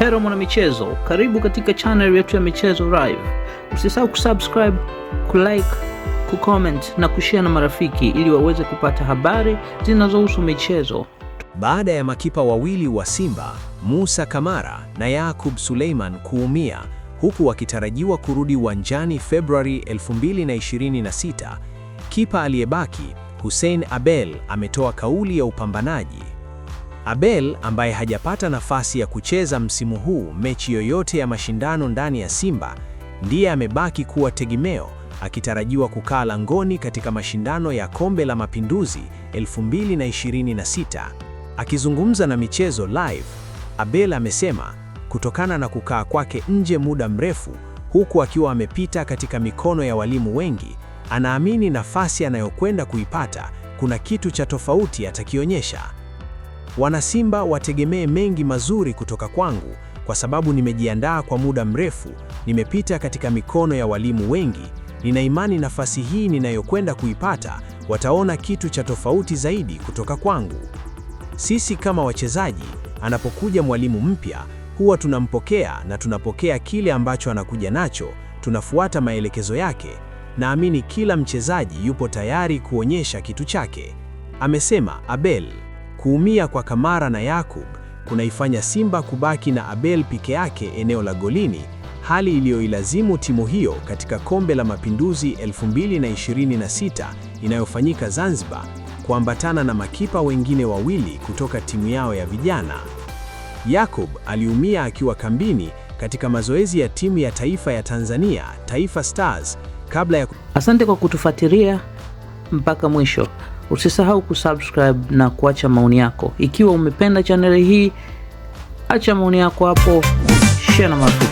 Hero mwana michezo, karibu katika channel yetu ya Michezo Live. Usisahau kusubscribe, kulike, kucomment na kushare na marafiki ili waweze kupata habari zinazohusu michezo. Baada ya makipa wawili wa Simba, Musa Kamara na Yakub Suleiman kuumia huku wakitarajiwa kurudi uwanjani Februari 2026, kipa aliyebaki Hussein Abel ametoa kauli ya upambanaji Abel ambaye hajapata nafasi ya kucheza msimu huu mechi yoyote ya mashindano ndani ya Simba, ndiye amebaki kuwa tegemeo, akitarajiwa kukaa langoni katika mashindano ya Kombe la Mapinduzi 2026. Akizungumza na Michezo Live, Abel amesema kutokana na kukaa kwake nje muda mrefu huku akiwa amepita katika mikono ya walimu wengi, anaamini nafasi anayokwenda kuipata kuna kitu cha tofauti atakionyesha. Wanasimba wategemee mengi mazuri kutoka kwangu kwa sababu nimejiandaa kwa muda mrefu, nimepita katika mikono ya walimu wengi. Nina imani nafasi hii ninayokwenda kuipata, wataona kitu cha tofauti zaidi kutoka kwangu. Sisi kama wachezaji, anapokuja mwalimu mpya, huwa tunampokea na tunapokea kile ambacho anakuja nacho, tunafuata maelekezo yake. Naamini kila mchezaji yupo tayari kuonyesha kitu chake, amesema Abel. Kuumia kwa Kamara na Yakub kunaifanya Simba kubaki na Abel peke yake eneo la golini, hali iliyoilazimu timu hiyo katika Kombe la Mapinduzi 2026 inayofanyika Zanzibar kuambatana na makipa wengine wawili kutoka timu yao ya vijana. Yakub aliumia akiwa kambini katika mazoezi ya timu ya taifa ya Tanzania, Taifa Stars, kabla ya... Asante kwa kutufuatilia mpaka mwisho. Usisahau kusubscribe na kuacha maoni yako. Ikiwa umependa chaneli hii, acha maoni yako hapo, share na marafiki.